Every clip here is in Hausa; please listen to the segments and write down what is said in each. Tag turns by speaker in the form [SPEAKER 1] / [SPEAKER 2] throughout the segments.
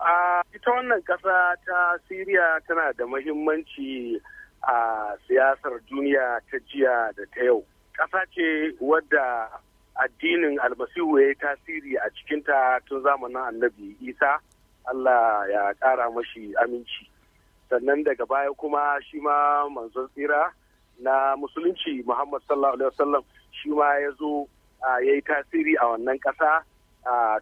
[SPEAKER 1] a ita wannan ƙasa ta Siriya tana da mahimmanci a siyasar duniya ta jiya da ta yau. Ƙasa ce wadda addinin almasihu ya yi tasiri a cikinta tun zamanin annabi Isa, Allah ya ƙara mashi aminci. Sannan daga baya kuma shi ma manzon tsira na musulunci Muhammad sallallahu Alaihi wasallam shi ma ya zo ya yi tasiri a wannan ƙasa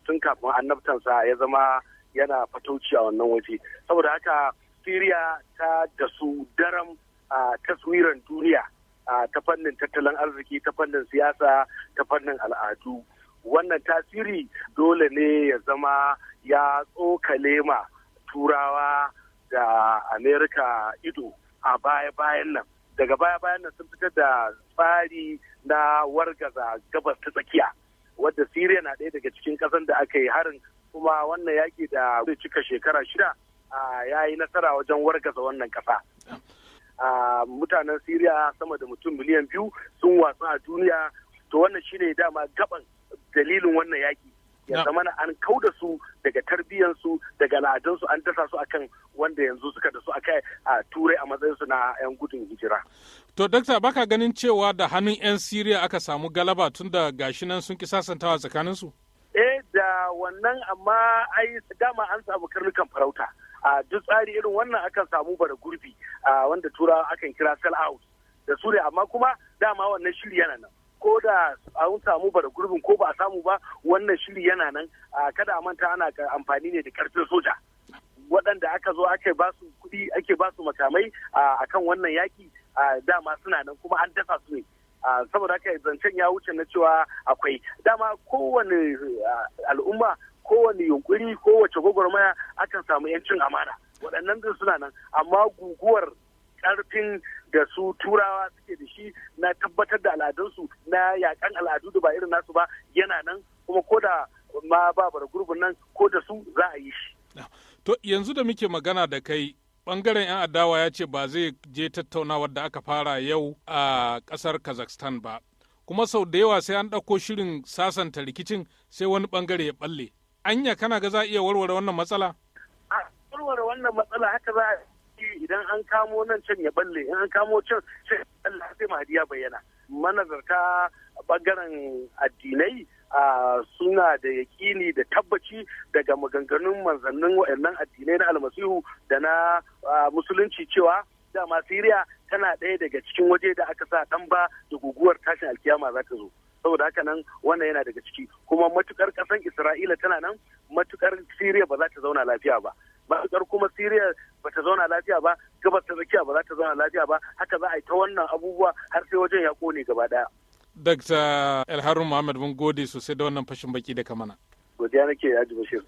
[SPEAKER 1] tun kafin annabtansa ya zama yana fatauci a wannan waje saboda haka Siriya ta dasu daren daram a taswiran duniya ta fannin tattalin arziki ta fannin siyasa ta fannin al'adu wannan tasiri dole ne ya zama ya tsokale ma turawa da amerika ido a baya-bayan nan daga baya-bayan nan sun fitar da tsari na wargaza gabas ta tsakiya wadda siriya na ɗaya daga cikin ƙasar da aka yi harin kuma wannan yaki da zai cika shekara shida ya yi nasara wajen wargaza wannan a mutanen Siriya sama da mutum miliyan biyu sun watsa a duniya to wannan shine dama gaban dalilin wannan yaki ya zama na an kauda su daga tarbiyyansu daga al'adunsu an dasa su akan wanda yanzu suka da su akai a turai a matsayinsu na
[SPEAKER 2] 'yan gudun hijira. To, Dokta, baka ganin cewa da hannun 'yan Siriya aka samu galaba tunda da gashi nan sun ki sasantawa tsakaninsu?
[SPEAKER 1] wannan amma ai dama an samu karnukan farauta a duk tsari irin wannan akan samu bara gurbi wanda tura akan kira sell out da su amma kuma dama wannan shiri yana nan ko da an samu bara gurbin ko ba a samu ba wannan shiri yana nan kada a manta ana amfani ne da karfin soja waɗanda aka zo aka ba su kuɗi ake ba su makamai a kan wannan yaki dama suna nan kuma an dasa su ne saboda haka zancen ya wuce na cewa akwai dama kowane al'umma kowane yunkuri kowace gwagwarmaya akan samu yancin amana waɗannan din suna nan amma guguwar ƙarfin da su turawa suke da shi na tabbatar da al'adunsu na yakan al'adu da ba irin nasu ba yana nan kuma ko da ma babar gurbin nan ko da su za a yi shi.
[SPEAKER 2] To yanzu da muke magana da kai bangaren 'yan adawa ya ce ba zai je tattaunawar da aka fara yau a kasar kazakhstan ba kuma sau da yawa sai an ɗauko shirin sasanta rikicin sai wani bangare ya balle anya kana ga za a iya warware wannan matsala
[SPEAKER 1] a warware wannan matsala haka za a yi idan an kamo nan can ya balle in an kamo can sai Allah sai mahadi ya bayyana manazarta bangaren addinai suna da yakini da tabbaci daga maganganun manzannin waɗannan addinai na almasihu da na musulunci cewa dama siriya tana ɗaya daga cikin waje da aka sa ɗan ba da guguwar tashin alkiyama za ta zo saboda haka nan wannan yana daga ciki kuma matukar ƙasan isra'ila tana nan matukar siriya ba za ta zauna lafiya ba matukar kuma siriya ba ta zauna lafiya ba gabas ta tsakiya ba za ta zauna lafiya ba haka za a yi ta wannan abubuwa har sai wajen ya kone gaba ɗaya.
[SPEAKER 2] Dr. Elharu Muhammad mun gode sosai da wannan fashin baki da mana
[SPEAKER 1] Godiya nake ya ji